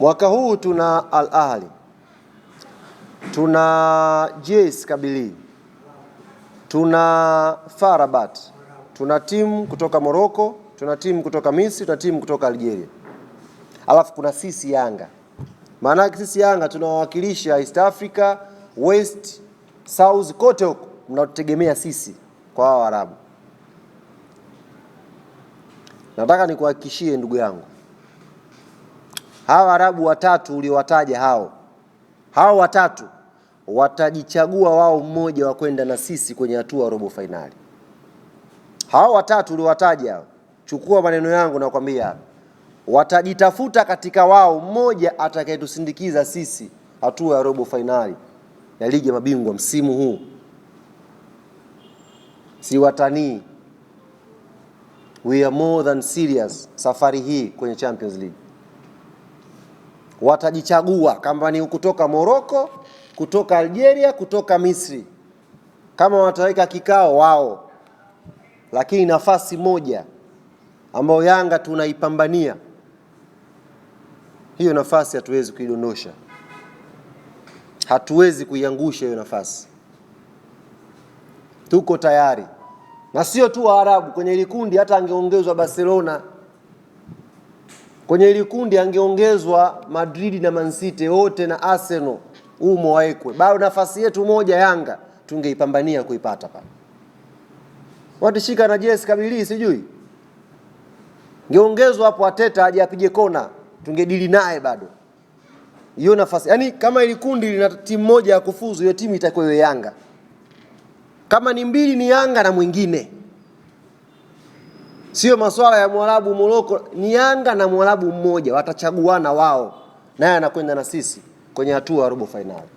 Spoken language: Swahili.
Mwaka huu tuna Al Ahli, tuna JS Kabylie, tuna FAR Rabat, tuna timu kutoka Morocco, tuna timu kutoka Misri, tuna timu kutoka Algeria, alafu kuna sisi Yanga. Maana sisi Yanga tunawakilisha East Africa, West, South, kote huko mnatutegemea sisi kwa Waarabu. Nataka nikuhakikishie ndugu yangu hawa Arabu watatu uliowataja hao hao watatu watajichagua wao mmoja wa kwenda na sisi kwenye hatua ya robo fainali. Hao watatu uliowataja chukua maneno yangu na kwambia, watajitafuta katika wao mmoja atakayetusindikiza sisi hatua ya robo fainali ya ligi ya mabingwa msimu huu. Si watanii, we are more than serious safari hii kwenye Champions League watajichagua kama ni kutoka Moroko, kutoka Algeria, kutoka Misri, kama wataweka kikao wao. Lakini nafasi moja ambayo Yanga tunaipambania hiyo nafasi, hatuwezi kuidondosha, hatuwezi kuiangusha hiyo nafasi. Tuko tayari na sio tu Waarabu kwenye ile kundi, hata angeongezwa Barcelona Kwenye hili kundi angeongezwa Madrid na Man City wote na Arsenal umo waekwe, bado nafasi yetu moja Yanga tungeipambania kuipata pale. shika na Jesse kabili, sijui ngeongezwa hapo, Ateta aje apige kona, tungedili naye bado hiyo nafasi. Yaani kama ili kundi lina timu moja ya kufuzu, hiyo timu itakuwa Yanga. Kama ni mbili ni Yanga na mwingine Sio masuala ya Mwarabu Moroko. Ni Yanga na Mwarabu mmoja watachaguana wao, naye anakwenda na sisi kwenye hatua ya robo fainali.